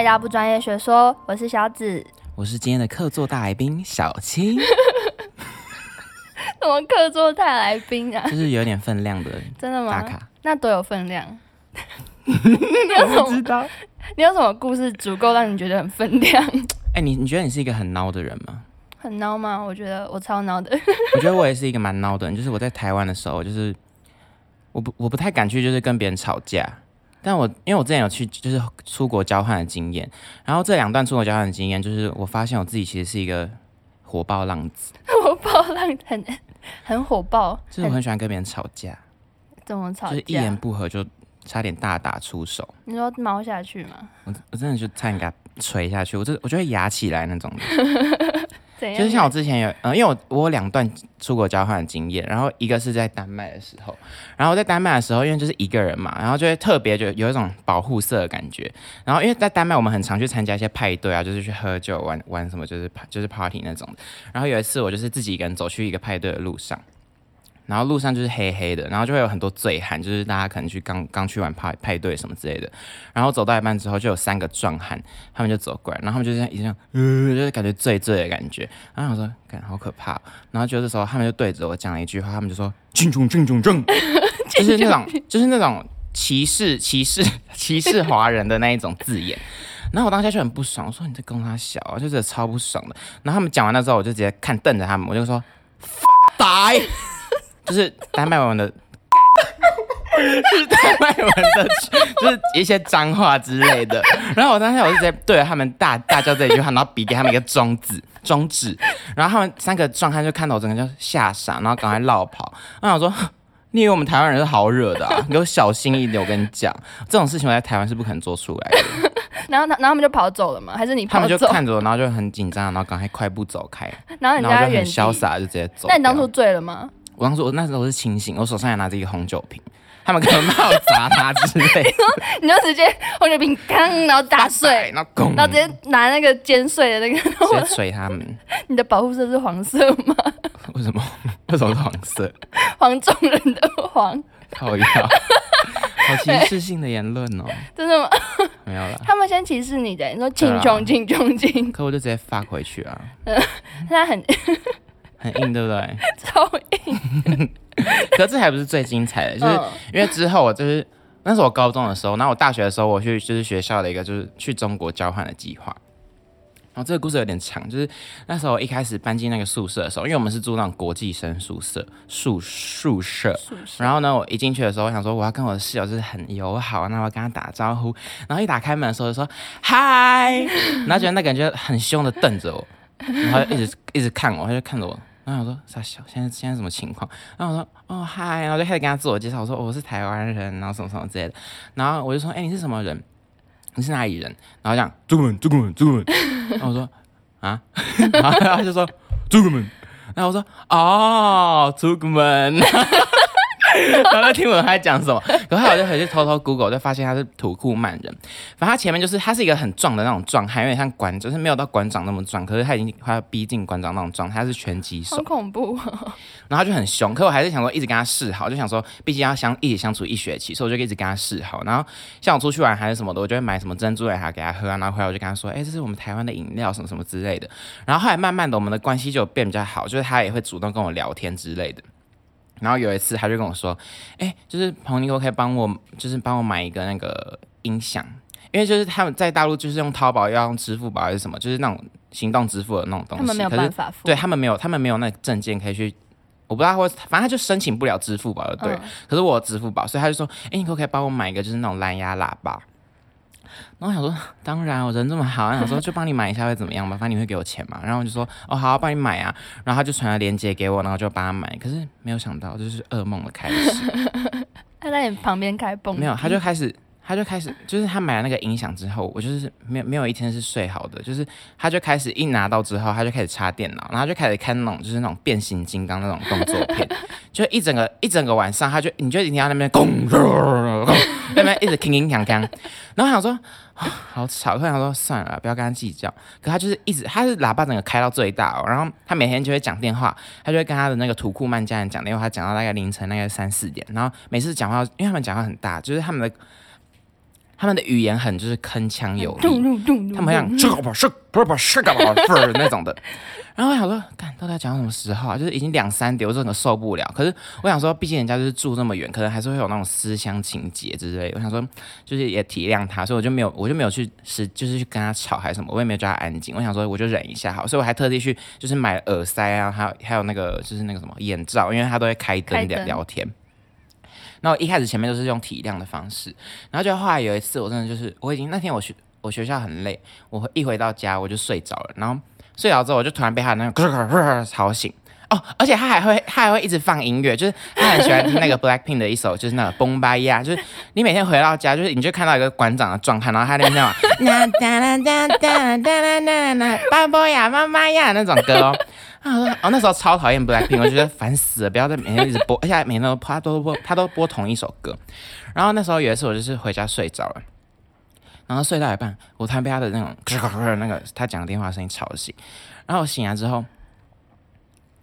大家不專業學說，我是小紫，我是今天的客座大來賓小青。 什麼客座大來賓啊？就是有點分量的，真的嗎？打卡，那多有分量？ 你有什麼？你有什麼故事足夠讓你覺得很分量？哎、欸，你你覺得你是一個很孬的人嗎？很孬嗎？我覺得我超孬的。 我覺得我也是一個蠻孬的人，就是我在台灣的時候，就是我不我不太敢去，就是跟別人吵架。但我因為我之前有去就是出國交換的經驗，然後這兩段出國交換的經驗，就是我發現我自己其實是一個火爆浪子，火爆浪很很火爆很，就是我很喜歡跟別人吵架。怎麼吵架？就是一言不合就差點大打出手。你說貓下去嗎？我我真的就差點給它錘下去，我這我就會牙起來那種 就是像我之前有，嗯，因為我我有兩段出國交換的經驗，然後一個是在丹麥的時候，然後在丹麥的時候，因為就是一個人嘛，然後就會特別就有一種保護色的感覺，然後因為在丹麥我們很常去參加一些派對啊，就是去喝酒玩玩什麼，就是就是 party 那種，然後有一次我就是自己一個人走去一個派對的路上。然後路上就是黑黑的，然後就會有很多醉漢，就是大家可能去剛剛去完派派對什麼之類的。然後走到一半之後，就有三個壯漢，他們就走過來，然後他們就這樣一直、呃、就是感覺醉醉的感覺。然後我說，感覺好可怕、哦。然後就這時候，他們就對着我講了一句話，他們就說“進進進進”，就是那種就是那種歧視歧視歧視華人的那一種字眼。 然後我當下就很不爽，我說你在跟他笑，我就覺、是、得超不爽的。然後他們講完了之後，我就直接看瞪着他們，我就說發呆！ 」 就是丹麥文的， 就是丹麥文的，就是一些髒話之類的。然後我當時我就直接對着他們大大叫這一句話，然後比給他們一個中指，中指。然後他們三個壯漢就看到我，整個就嚇傻，然後趕快落跑。然後我說，你以為我們台灣人是好惹的啊？你給我小心一點，我跟你講，這種事情我在台灣是不可能做出來的。然後他，然後他們就跑走了嗎？還是你跑走？他們就看着我，然後就很緊張，然後趕快快步走開。然後人就很瀟灑，就直接走。那你當初醉了嗎？我剛說，我那時候我是清醒，我手上還拿着一個紅酒瓶，他們可能罵我砸他之類的 你說，你就直接紅酒瓶剛，然後打碎，嗯，然後直接拿那個尖碎的那個，直接錘他們。 你的保護色是黃色嗎？為什麼？為什麼是黃色？ 黃種人的黃。討厭， 好歧視性的言論哦，欸。真的嗎？沒有了。他們先歧視你的，欸，你說“請窮請窮請”，可我就直接發回去啊。 嗯，他很。很硬，對不對？超硬。 可是這還不是最精彩的，就是因為之後我就是那時候我高中的時候，然後我大學的時候我去就是學校的一個就是去中國交換的計劃。然後這個故事有點長，就是那時候我一開始搬進那個宿舍的時候，因為我們是住那種國際生宿舍、宿舍、宿舍。然後呢，我一進去的時候，我想說我要跟我的室友就是很友好，那我跟他打招呼。然後一打開門的時候，就說嗨，Hi! 然後覺得那感覺很凶的瞪着我，然後就一直一直看我，他就看着我。然後我說：“啥小，現在現在什麼情況？”然後我說：“哦，嗨！”然後就開始跟他自我介紹，我說、哦：“我是台灣人，然後什麼什麼之類的。”然後我就說：“哎，你是什麼人？你是哪裡人？”然後這樣，中國人，中國人，中國人。”然後我說：“啊！”他 就說：“中國人。”然後我說：“哦，中國人。 ” 然後聽不懂他在講什麼，然後我就回去偷偷 Google，就發現他是土庫曼人。反正他前面就是他是一個很壯的那種壯漢，有點像館，就是沒有到館長那麼壯，可是他已經快要逼近館長那種壯。他是拳擊手，好恐怖哦。然後他就很凶，可我還是想說一直跟他示好，就想說畢竟要相一起相處一學期，所以我就以一直跟他示好。然後像我出去玩還是什麼的，我就會買什麼珍珠奶茶給他喝啊。然後後來我就跟他說，欸，這是我們台灣的飲料，什麼什麼之類的。然後後來慢慢的，我們的關係就變比較好，就是他也會主動跟我聊天之類的。然後有一次，他就跟我說：“哎、欸，就是朋友你，可不可以幫我，就是幫我買一個那個音響？因為就是他們在大陸就是用淘寶要用支付寶還是什麼，就是那種行動支付的那種東西。他們沒有辦法付，可是對他們沒有，他們沒有那證件可以去，我不知道會，反正他就申請不了支付寶。對、嗯，可是我有支付寶，所以他就說：，哎、欸，你可不可以幫我買一個，就是那種藍牙喇叭？”然後我想說，當然我人這麼好，我想說就幫你買一下會怎麼樣嘛？ 反正你會給我錢嘛。然後我就說，哦，好，幫你買啊。然後他就傳了鏈接給我，然後就幫他買。可是沒有想到，就是噩夢的開始。 他在你旁邊開蹦，沒有，他就開始。他就開始，就是他買了那個音響之後，我就是沒有沒有一天是睡好的。就是他就開始一拿到之後，他就開始插電腦，然後就開始看那種就是那種變形金剛那種動作片， 就一整個一整個晚上，他就你就一直到那邊、呃呃呃呃呃呃、 那邊一直鏗鏗鏘鏘。 然後我想說、哦、好吵。突然想說算了，不要跟他計較。可他就是一直，他是喇叭整個開到最大哦、喔。然後他每天就會講電話，他就會跟他的那個土庫曼家人講電話，他講到大概凌晨大概三四點。然後每次講話，因為他們講話很大，就是他們的。他們的語言很就是鏗鏘有力，嗯、他們很想，這種的， 然後我想說，到底要講什麼時候啊，就是已經兩三點我真的受不了，可是我想說，畢竟人家就是住那麼遠，可能還是會有那種思鄉情結之類的，我想說就是也體諒他，所以我就沒有我就沒有去是，就是去跟他吵還是什麼，我也沒有叫他安靜，我想說我就忍一下好，所以我還特地去，就是買耳塞啊，還有還有那個就是那個什麼眼罩，因為他都會開燈在聊天。然後一開始前面都是用體諒的方式，然後就後來有一次我真的就是我已經那天我學我學校很累，我一回到家我就睡着了，然後睡着之後我就突然被他那個 吵醒哦，而且他還會他還會一直放音樂，就是他很喜歡聽那個 Blackpink 的一首就是那個 BOMBA YA，就是你每天回到家就是你就看到一個館長的狀態，然後他連那種，噠噠噠噠噠噠噠噠，巴波亞媽媽呀那種歌哦。啊，然後、哦、那時候超討厭 BLACKPINK，我覺得煩死了，不要再每天一直播，而且每天都播，他都播，他都播同一首歌。然後那時候有一次，我就是回家睡着了，然後睡到一半，我突然被他的那種咳咳咳那個他講的電話聲音吵醒。然後我醒來之後，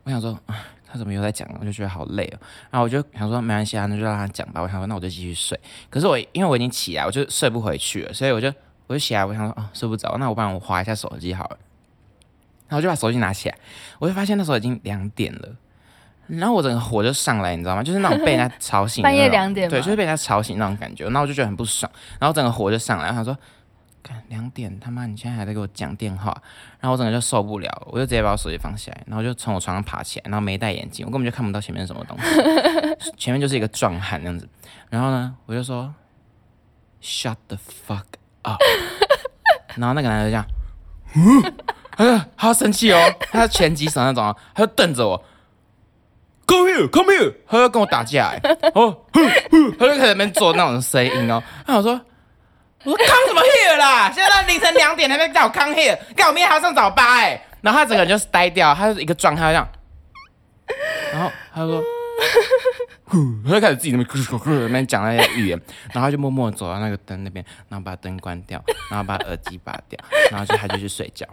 我想說啊，他怎麼又在講？我就覺得好累哦。然後我就想說沒關係啊，那就讓他講吧。我想說那我就繼續睡。可是我因為我已經起來，我就睡不回去了，所以我就我就起來，我想說啊睡不着，那我幫我滑一下手機好了。然後我就把手機拿起來，我就發現那時候已經兩點了，然後我整個火就上來，你知道嗎？就是那種被他吵醒， 半夜兩點，對，就是被他吵醒那種感覺。那我就覺得很不爽，然後整個火就上來。然後他說：“看，兩點，他媽，你現在還在給我講電話？”然後我整個就受不了了，我就直接把我手機放起來，然後我就從我床上爬起來，然後沒戴眼鏡，我根本就看不到前面是什麼東西， 前面就是一個壯漢這樣子。然後呢，我就說：“Shut the fuck up！” 然後那個男的就這樣：“嗯。”哎， 他生氣哦，他前幾省那種，他就瞪着我，Come here，come here，他要跟我打架哎，哦， 他就開始在那邊做那種聲音哦，然後我說，我說康什麼 here 啦，現在凌晨兩點還沒叫我康 here，跟我明還要上早八哎、欸，然後他整個人就是呆掉，他是一個狀態這樣，然後他就說呼，他就開始自己那邊，那邊講那些語言，然後他就默默的走到那個燈那邊，然後把燈關掉，然後把耳機拔掉，然後就他就去睡覺。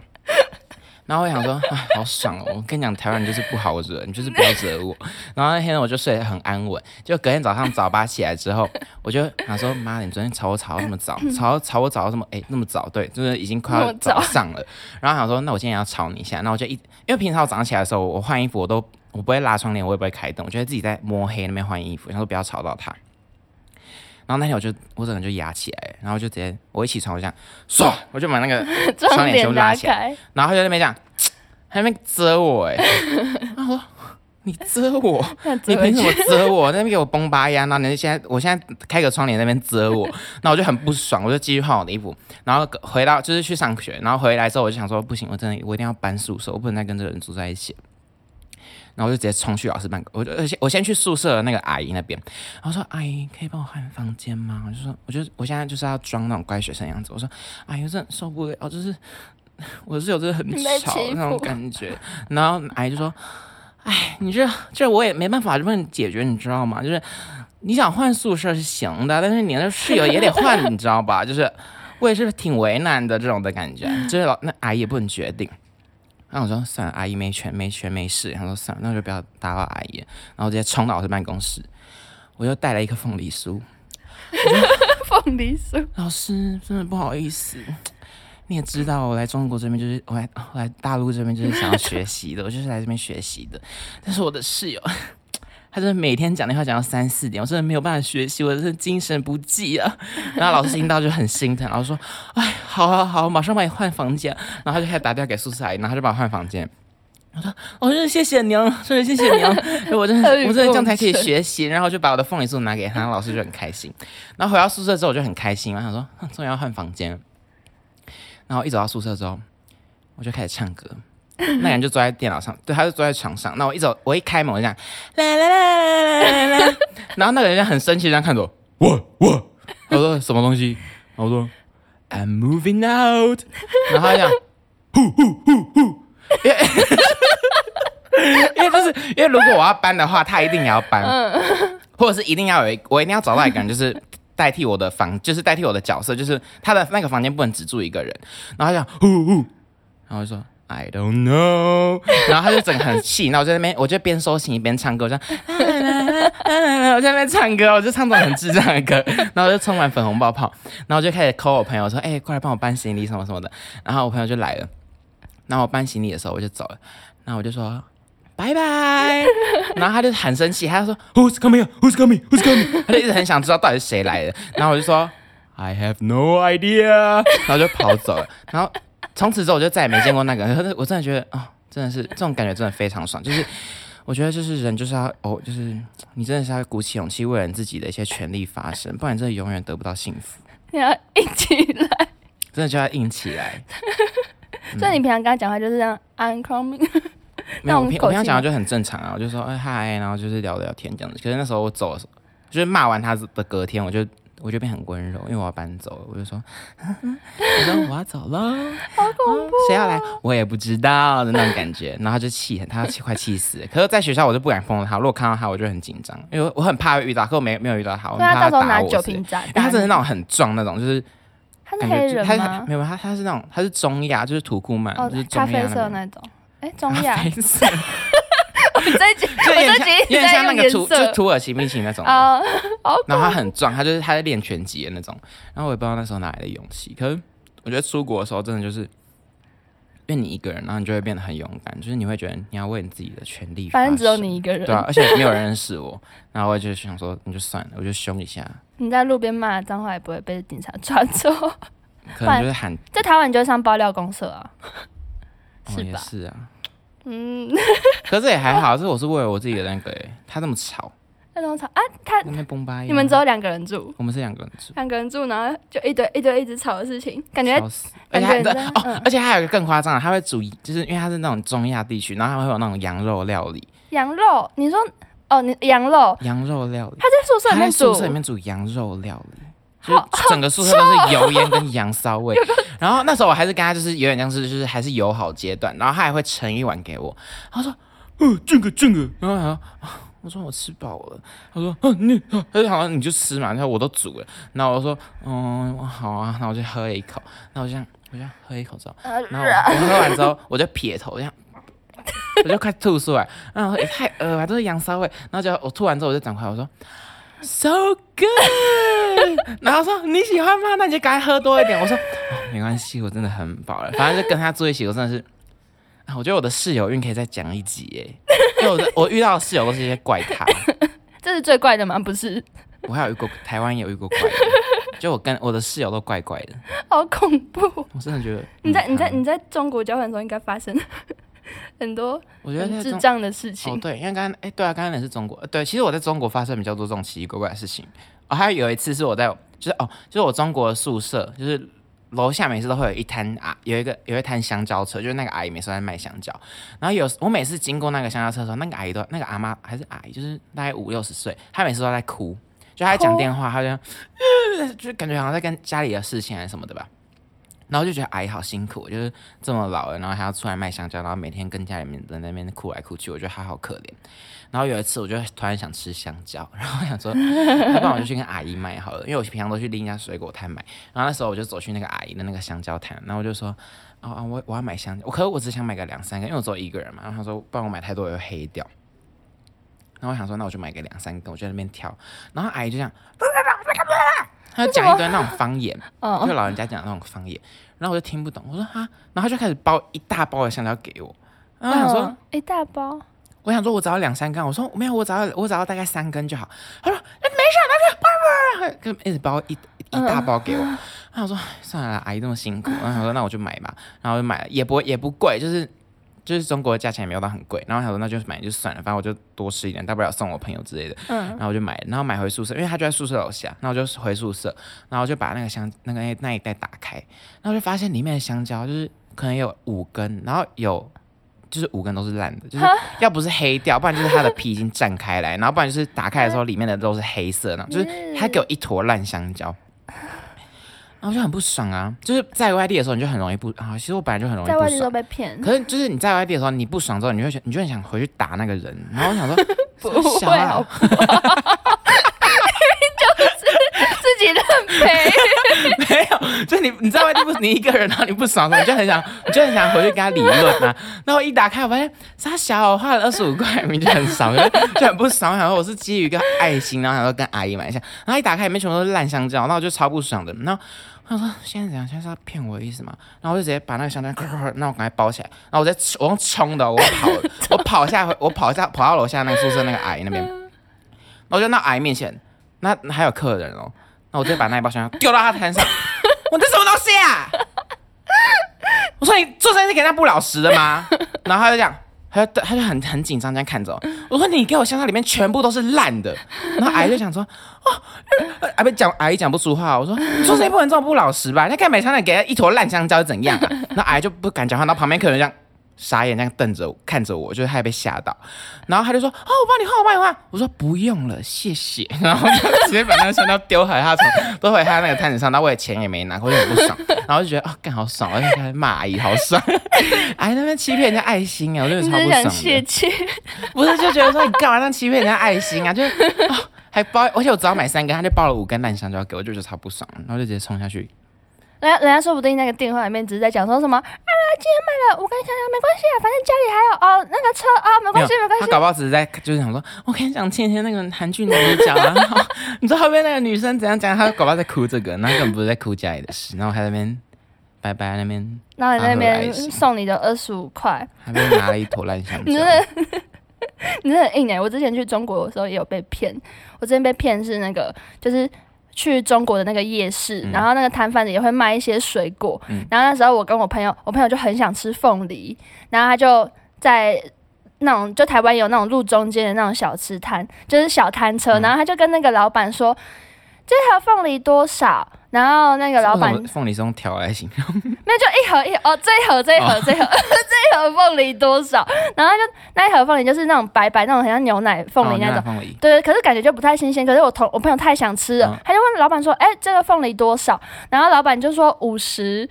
然後我想說啊，好爽哦！我跟你講，台灣人就是不好惹，你就是不要惹我。然後那天呢，我就睡得很安穩，就隔天早上早八起來之後，我就想說，媽你昨天吵我吵到那麼早，吵吵我吵到這麼哎、欸、那麼早，對，就是已經快要早上了。然後想說那我今天要吵你一下，那我就一因為平常我早上起來的時候，我換衣服我都我不會拉窗簾，我也不會開燈，我覺得自己在摸黑那邊換衣服，然後不要吵到他。然後那天我就，我整個人就壓起來，然後就直接我一起床我就想，唰，我就把那個窗簾全部拉起來拉，然後就在那邊講，他那邊遮我哎，他 說你遮我。 遮我你憑什麼遮我？ 那邊給我崩巴一樣。然後你現在我現在開個窗簾那邊遮我，那 我就很不爽，我就繼續換我的衣服，然後回到就是去上學，然後回來之後我就想說不行，我真的我一定要搬宿舍，我不能再跟這個人住在一起。然後我就直接衝去老師辦公室，我就先我先去宿舍那個阿姨那邊，然後說：“阿姨，可以幫我換房間嗎？”我就說：“我就我現在就是要裝那種乖學生樣子。”我說：“阿姨真受不了，哦，就是我室友真的很吵的那種感覺。”然後阿姨就說：“哎，你這這我也沒辦法幫你解決，你知道嗎？就是你想換宿舍是行的，但是你的室友也得換， 你知道吧？就是我也是挺為難的這種的感覺，就是老那阿姨也不能決定。”那我說算了，阿姨沒權沒權沒勢。他說算了，那我就不要打擾阿姨了。然後直接衝到我的辦公室，我又帶了一顆鳳梨酥。鳳梨酥、嗯、 鳳梨酥，老師真的不好意思。你也知道，我來中國這邊就是我來我來大陸這邊就是想要學習的， 我就是來這邊學習的。但是我的室友。他就每天講電話講到三四點，我真的沒有辦法學習，我是精神不濟啊。然後老師聽到就很心疼，然後說：“哎，好好、啊、好，馬上把你換房間。 ”然後他就開始打電話給宿舍阿姨，然後他就把我換房間。我說：“我說謝謝你，謝謝謝謝你。 我”我真的我真的這樣才可以學習。然後就把我的鳳梨酥拿給他，然後老師就很開心。 然後回到宿舍之後我就很開心，啊，然後他說：“終於要換房間。”然後一走到宿舍之後，我就開始唱歌。那個人就坐在電腦上，對，他就坐在床上。那我一走，我一開門我就這樣，我講， 然後那個人就很生氣，這樣看着我，我，我說什麼東西？我說 I'm moving out。然後他這樣，呼呼呼呼 因為就是因為如果我要搬的話，他一定也要搬，或者是一定要有一，我一定要找到一個人，就是代替我的房，就是代替我的角色，就是他的那個房間不能只住一個人。然後他這樣，然後我就說。I don't know，然後他就整個很氣， 然後我就在那邊，我就邊收行李邊唱歌，我就這樣 我在那邊唱歌，我就唱的很智障的歌，然後我就沖完粉紅泡泡，然後我就開始 call 我朋友說，哎、欸，快來幫我搬行李什麼什麼的，然後我朋友就來了，然後我搬行李的時候我就走了，然後我就說 拜拜，然後他就很生氣，他就說 Who's coming? Who's coming? Who's coming? 他就一直很想知道到底是誰來的，然後我就說 I have no idea，然後就跑走了，然後。從此之後我就再也沒見過那個人，我真的覺得啊、哦，真的是這種感覺真的非常爽，就是我覺得就是人就是要哦，就是你真的是要鼓起勇氣為了你自己的一些權利發聲，不然真的永遠得不到幸福。你要硬起來，真的就要硬起來。 嗯、所以你平常跟他講話就是這樣，I'm coming。沒有，我平平常講話就很正常啊，我就說嗨，哎、hi, 然後就是聊聊天這樣子。可是那時候我走了，就是罵完他的隔天，我就。我就變很溫柔，因為我要搬走了，我就說，我 說我要走了，好恐怖，誰、 啊、要來我也不知道的 那種感覺。然後他就氣很，他氣快氣死了。可是在學校我就不敢碰他，如果看到他我就很緊張，因為我很怕遇到。可是我沒沒有遇到他，我怕他那時候拿酒瓶砸，他真的是那種很壯那種。就是他是黑人嗎？就是，他他沒有，他他是那種他是中亞，就是土庫曼，哦，就是中亞咖啡色的那種，哎，欸，中亞。 就有點像那個土，就土耳其冰淇淋那種啊，然後他很壯，他就是他在練拳擊的那種。然後我也不知道那時候哪來的勇氣，可是我覺得出國的時候真的就是，因你一個人，然後你就會變得很勇敢，就是你會覺得你要為你自己的權利。反正只有你一個人，對啊，而且沒有人認識我。然後我就想說，你就算了，我就凶一下。你在路邊罵髒話也不會被警察抓住，可能就是喊在台灣就會上爆料公社啊，是吧？是啊。嗯， 可是也還好，是我是為了我自己的那個誒，他這麼吵，他這麼吵啊，他你們只有兩個人住，我們是兩個人住，兩個人住然後就一堆一堆一直吵的事情，感覺而且，而且，哦，嗯，而且還有一個更誇張的，他會煮，就是因為他是那種中亞地區，然後他會有那種羊肉料理，羊肉，你說哦，你羊肉，羊肉料理，他在宿舍裡面煮，宿舍裡面煮羊肉料理。就整個宿舍都是油煙跟羊騷味， 然後那時候我還是跟他就是有點像是就是還是友好階段，然後他還會盛一碗給我，他我說，嗯，這個這個，然後他我說我吃飽了，他說，嗯你，他說、欸、好你就吃嘛，他說我都煮了，然後我說，嗯好啊，那我就喝了一口，那我就我就喝一口之後，然後，我喝完之後我就撇頭，這樣，我就快吐出來，然後也、欸、太噁了、啊，都是羊騷味，然後就我吐完之後我就趕快我說。So good，然後說你喜歡嗎？那你就該喝多一點。我說、啊、沒關係，我真的很飽了。反正就跟他坐一起，我真的是、啊、我覺得我的室友運可以再講一集哎，因為我的我遇到的室友都是一些怪咖。這是最怪的嗎？不是，我還有一個台灣也有一個怪的，就我跟我的室友都怪怪的，好恐怖。我真的覺得你在你在你在中國交換的時候應該發生。很多我覺得智障的事情，哦、對，因為剛才哎，對啊，剛才也是中國，對，其實我在中國發生比較多這種奇奇怪怪的事情。哦，還有有一次是我在，就是哦，就是我中國的宿舍，就是樓下每次都會有一攤啊，有一個有一攤香蕉車，就是那個阿姨每次都在賣香蕉。然後有我每次經過那個香蕉車的時候，那個阿姨都那個阿媽還是阿姨，就是大概五六十歲，她每次都在哭，就她在講電話，她就，oh. 就感覺好像在跟家裡的事情還是什麼的吧。然後就覺得阿姨好辛苦，就是這麼老了，然後還要出來賣香蕉，然後每天跟家裡面人在那邊哭來哭去，我覺得她好可憐。然後有一次，我就突然想吃香蕉，然後我想說，她 幫、啊、我就去跟阿姨買好了，因為我平常都去另一家水果攤買。然後那時候我就走去那個阿姨的那個香蕉攤，然後我就說，啊、哦、啊，我我要買香蕉，我可我只想買個兩三個，因為我只有一個人嘛。然後她說，幫我買太多我又黑掉。然後我想說，那我就買個兩三個，我就在那邊挑。然後阿姨就這樣。 他講一段那種方言，oh. 就老人家講那種方言，然後我就聽不懂，我說哈，然後他就開始包一大包的香蕉給我，然後想說一大包，oh. 我想說我只要兩三根，我說沒有，我只要我只要大概三根就好，他說哎、欸、沒事，他就叭叭他就一直包一一大包給我，後、oh. 想說算了，阿姨那麼辛苦，然後他說那我就買吧，然後我就買了，也不會也不貴，就是。就是中國的價錢也沒有到很貴，然後他說那就買就算了，反正我就多吃一點，大不了送我朋友之類的。嗯，然後我就買，然後買回宿舍，因為他就在宿舍樓下，那我就回宿舍，然後就把那個香那個那那一袋打開，然後就發現裡面的香蕉就是可能有五根，然後有就是五根都是爛的，就是要不是黑掉，不然就是它的皮已經綻開來，然後不然就是打開的時候裡面的都是黑色的，就是他給我一坨爛香蕉。然後就很不爽啊！就是在外地的時候，你就很容易不啊。其實我本來就很容易不爽在外地被騙。可是就是你在外地的時候，你不爽之後，你會想，你就很想回去打那個人。然後我想說 不想哈哈哈哈哈， 就是自己都很賠。 沒有，就你你在外地不是你一個人，然後你不爽，你就很想，你就很想回去跟他理論啊。然後一打開，我發現沙小，我花了二十五塊，你就很爽，就是，就很不爽。然後我是基於一個愛心，然後想說跟阿姨買一下。然後一打開裡面全部都是爛香蕉，那我就超不爽的。那。他說：“現在怎樣？現在是要騙我的意思嗎？”然後我就直接把那個香腸，那我趕快包起來。然後我再我用衝的，我跑，我跑下，我跑一下，跑到樓下那個宿舍那個阿姨那邊。然後就到阿姨面前，那還有客人哦、喔。那我就把那一包香腸丟到他攤上。我 這什麼東西啊？ 我說你做生意是給人家不老實的嗎？然後他就講。他就他就很很緊張，這樣看着我。我說：“你給我香蕉，裡面全部都是爛的。”然後阿姨就想說：“啊、哦，阿姨、呃、不講，阿姨講不出話。”我說：“說誰不能這麼不老實吧？他幹美餐的給他一坨爛香蕉又怎樣、啊然阿姨？”然後阿姨就不敢講話，然後旁邊客人這樣。傻眼那樣瞪着我，看着我，就是害被嚇到，然後他就說：“ 哦，我幫你換，我幫你換。”我說：“不用了，謝謝。”然後就直接把那個香蕉丟回他，他，丟回他那個攤子上。他為了錢也沒拿，我就很不爽。然後就覺得哦幹好爽！而且他還罵阿姨好爽， 哎，那邊欺騙人家愛心啊，我真的超不爽的。欺不是就覺得說你幹嘛那欺騙人家愛心啊？ 就是、哦、還包，而且我只要買三根，他就包了五根爛香蕉給我，就覺得就超不爽。然後就直接衝下去。人家，人家說不定那個電話裡面只是在講說什麼啊，今天賣了，我跟你講講，沒關係啊，反正家裡還有哦，那個車啊，沒關係，沒關係。他搞不好只是在就是想說，我跟你講，今天那個韓劇男主角啊，你知道後面那個女生怎樣講？他搞不好在哭這個，那後可能不是在哭家裡的事，然後還在那邊拜拜那邊，然後在那邊送你的二十五塊，那邊拿了一坨爛香蕉。你很， 你，真的 你真的很硬誒，我之前去中國的時候也有被騙，我之前被騙是那個就是。去中國的那個夜市，然後那個攤販子也會賣一些水果，嗯。然後那時候我跟我朋友，我朋友就很想吃鳳梨，然後他就在那種就台灣有那種路中間的那種小吃攤，就是小攤車，然後他就跟那個老闆說，嗯：“這條鳳梨多少？”然後那個老闆，鳳梨松條來形容，那就一盒一盒哦，這一盒這一盒，哦、這一盒這一盒鳳梨多少？然後就那一盒鳳梨就是那種白白那種很像牛奶鳳梨那種，哦鳳梨，對，可是感覺就不太新鮮。可是我同我朋友太想吃了，哦、他就問老闆說：“哎、欸，這個鳳梨多少？”然後老闆就說：“五十。”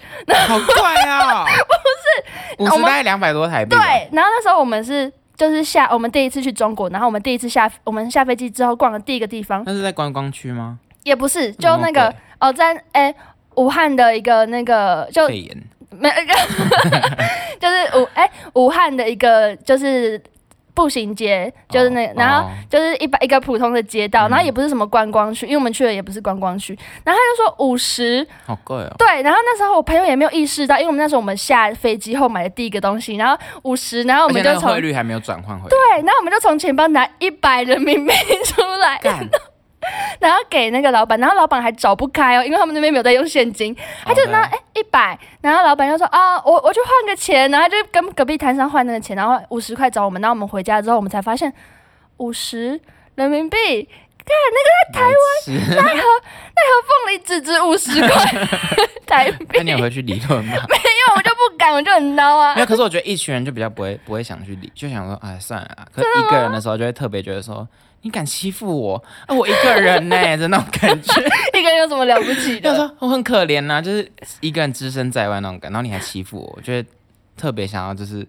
好貴啊、哦！ 不是五十，大概兩百多台幣。對，然後那時候我們是就是下我們第一次去中國，然後我們第一次下我們下飛機之後逛了第一個地方，那是在觀光區嗎？也不是，就那個、okay. 哦，在哎、欸、武漢的一個那個，就個 就是、欸、武哎武漢的一個就是步行街，就是那個 oh, 然後就是一百、oh. 一個普通的街道，然後也不是什麼觀光區、嗯，因為我們去了也不是觀光區，然後他就說五十，好貴哦、喔。對，然後那時候我朋友也沒有意識到，因為我們那時候我們下飛機後買的第一個東西，然後五十，然後我們就從、而且那個匯率還沒有轉換，對，然後我們就從錢包拿一百人民幣出來。然後給那個老闆，然後老闆還找不開哦，因為他們那邊沒有在用現金，他就拿、okay. 誒一百，100, 然後老闆就說啊、哦、我我去換個錢，然後就跟隔壁攤商換那個錢，然後五十塊找我們，然後我們回家之後我們才發現五十人民幣，看那個在台灣奈何奈何鳳梨只值五十塊 台幣。那、啊、你有沒有去理論嘛？沒有，我就不敢，我就很孬啊。 沒有，可是我覺得一群人就比較不會不會想去理，就想說哎算了，可是一個人的時候就會特別覺得說。你敢欺負我？啊，我一個人呢、欸， 就那種感覺， 一個人有什麼了不起的？他說我很可憐吶、啊，就是一個人只身在外那種感覺，然後你還欺負我，我覺得特別想要就是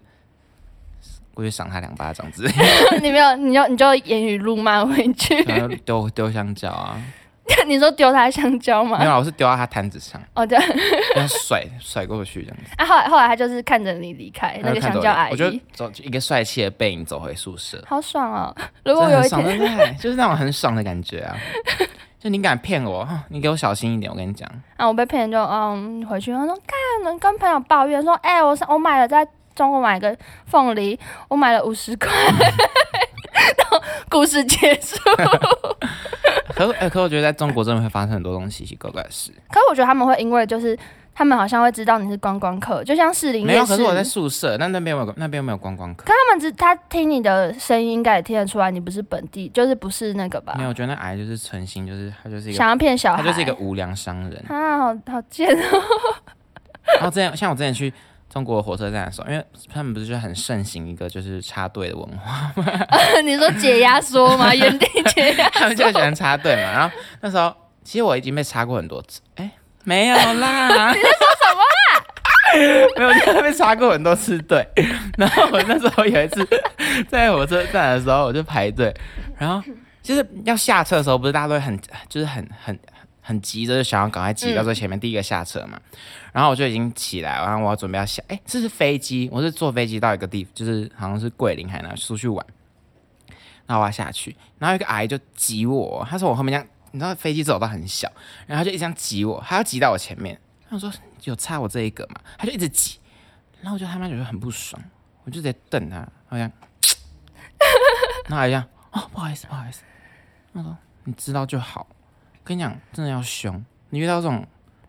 過去賞他兩巴掌之類的。 你沒有，你就你就言語辱罵回去，然後丟丟香蕉啊。你說丟他的香蕉嗎？沒有、啊，我是丟到他攤子上。哦、oh，對。 然後甩甩過去這樣子。啊，後來後來他就是看着你離開那個香蕉、ID、我就走一個帥氣的背影走回宿舍，好爽啊、哦！如果有一天、 哎，就是那種很爽的感覺啊！就你敢騙我，你給我小心一點，我跟你講。啊，我被騙就嗯，回去，他說幹，跟朋友抱怨說，哎、欸，我我買了、oh、在中國買個鳳梨，我買了五十塊， 然後故事結束。 可呃、欸，可我覺得在中國真的會發生很多東西奇奇怪怪的事。可是我覺得他們會因為就是他們好像會知道你是觀光客，就像士林沒有。可是我在宿舍，但那邊有沒有，那邊有沒有觀光客？可他們只他聽你的聲音，應該也聽得出來你不是本地，就是不是那個吧？沒有，我覺得那癌就是存心，就是他就是一個想要騙小孩，他就是一個無良商人。啊，好好賤哦！ 然後這樣，像我之前去。中國火車站的時候，因為他們不是就很盛行一個就是插隊的文化嗎？啊、你說解壓縮嗎？原地解壓 他們就喜歡插隊嘛。然後那時候，其實我已經被插過很多次。哎、欸，沒有啦！ 你在說什麼啦、啊？ 沒有，我被插過很多次隊。然後我那時候有一次在火車站的時候，我就排隊，然後就是要下車的時候，不是大家都會很就是很很。很急着，就是、想要趕快擠到最前面，第一個下車嘛、嗯。然後我就已經起來，然後我要準備要下。哎，這是，是飛機，我是坐飛機到一個地，就是好像是桂林還是哪，出去玩。然後我要下去，然後一個阿姨就擠我，她說我後面這樣，你知道飛機走道很小，然後她就一直擠我，她要擠到我前面。她說有差我這一個嘛？她就一直擠，然後我就他媽覺得很不爽，我就在瞪她，好像。然後她就這 樣哦，不好意思，不好意思。她說你知道就好。跟你講，真的要凶！你遇到這種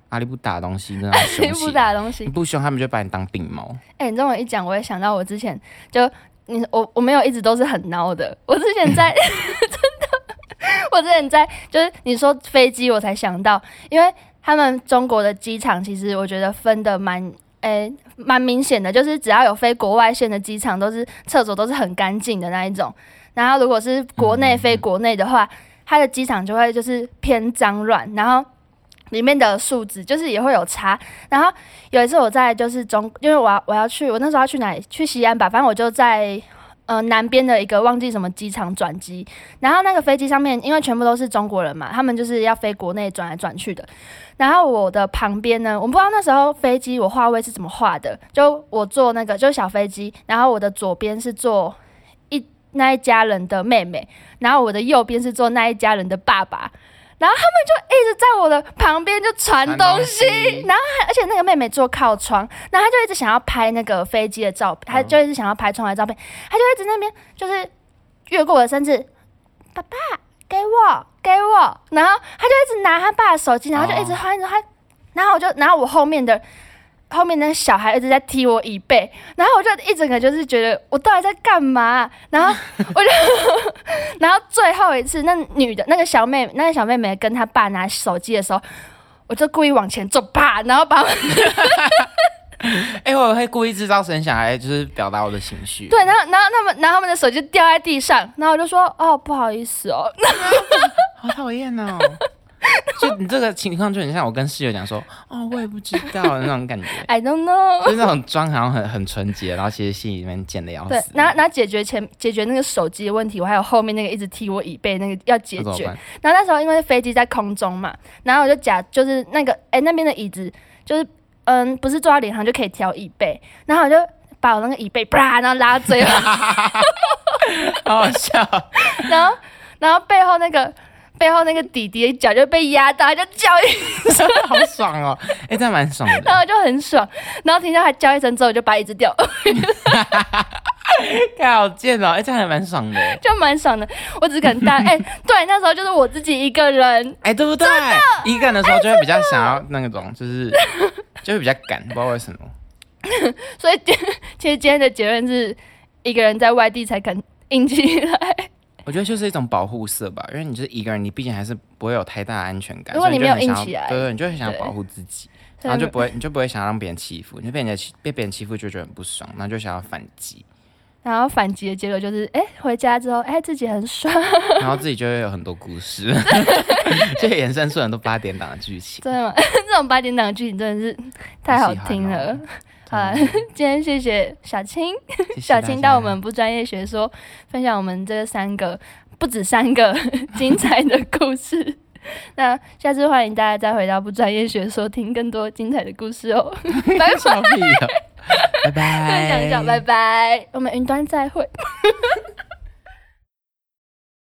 阿里不打的東西，真的阿里不打的東西，你不凶，他們就把你當病貓。誒、欸，你這麼一講，我也想到我之前就你我我沒有一直都是很孬的。我之前在 真的，我之前在就是你說飛機，我才想到，因為他們中國的機場其實我覺得分的蠻誒，蠻明顯的，就是只要有飛國外線的機場，都是廁所都是很乾淨的那一種。然後如果是國內飛國內的話。嗯嗯嗯它的機場就會就是偏髒亂，然後裡面的素質就是也會有差。然後有一次我在就是中，因為我要我要去，我那時候要去哪？去西安吧。反正我就在呃南邊的一個忘記什麼機場轉機。然後那個飛機上面，因為全部都是中國人嘛，他們就是要飛國內轉來轉去的。然後我的旁邊呢，我不知道那時候飛機我劃位是怎麼畫的，就我坐那個就是小飛機，然後我的左邊是坐那一家人的妹妹，然後我的右邊是坐那一家人的爸爸，然後他們就一直在我的旁邊就傳東，東西，然後還而且那個妹妹坐靠窗，然後他就一直想要拍那個飛機的照片，他就一直想要拍窗外照片，嗯，他就一直那邊就是越過我的身子，爸爸給我給我，然後他就一直拿他爸的手機，然後就一直換着喊，然後我就拿我後面的。後面那個小孩一直在踢我椅背，然後我就一整個就是覺得我到底在幹嘛，啊？然後我就， 然後最後一次那女的那個小妹，那個小妹妹跟她爸拿手機的時候，我就故意往前走吧，然後把，哎 欸，我會故意制造聲響來就是表達我的情緒。對，然後然後他們然後他們的手機掉在地上，然後我就說，哦不好意思哦， 好討厭哦。 就你這個情況，就很像我跟室友講說，哦，我也不知道 那種感覺，I don't know，就那種裝好像很很純潔，然後其實心裡面賤的要死。對，然後然後解決前解決那個手機的問題，我還有後面那個一直踢我椅背那個要解決。那那時候因為飛機在空中嘛，然後我就假就是那個哎、欸、那邊的椅子就是嗯不是坐在臉上就可以調椅背，然後我就把我那個椅背啪然後拉到最後 好好笑。 然後然後背後那個。背後那個弟弟的腳就被壓到，就叫一聲， 好爽哦、喔！哎、欸，這蠻爽的。然後就很爽，然後聽到他叫一聲之後，我就把椅子掉。哈哈哈哈哈！太好賤了、喔，哎、欸，這樣還蠻爽的，就蠻爽的。我只敢單，哎、 欸，對，那時候就是我自己一個人，哎、欸，對不對？欸、一個人的時候就會比較想要那種，欸、是就是就會比較敢， 不知道為什麼。所以，其實今天的結論是一個人在外地才肯硬起來。我覺得就是一種保護色吧，因為你是一個人，你畢竟還是不會有太大的安全感，如果你沒有，所以你就很想要，對對，對，你就很想要保護自己，然後就不會，你就不會想讓別人欺負，你就被人家欺，被別人欺負就覺得很不爽，然後就想要反擊，然後反擊的結果就是，哎、欸，回家之後，哎、欸，自己很爽，然後自己就會有很多故事， 就衍生出很多八點檔的劇情，真的嗎？這種八點檔的劇情真的是太好聽了。好，今天謝謝小青，謝謝大家。小青到我們不專業學說分享我們這三個，不止三個精彩的故事。 那下次歡迎大家再回到不專業學說聽更多精彩的故事哦、喔。 拜拜。 拜拜 分享一下，拜拜， 我們雲端再會。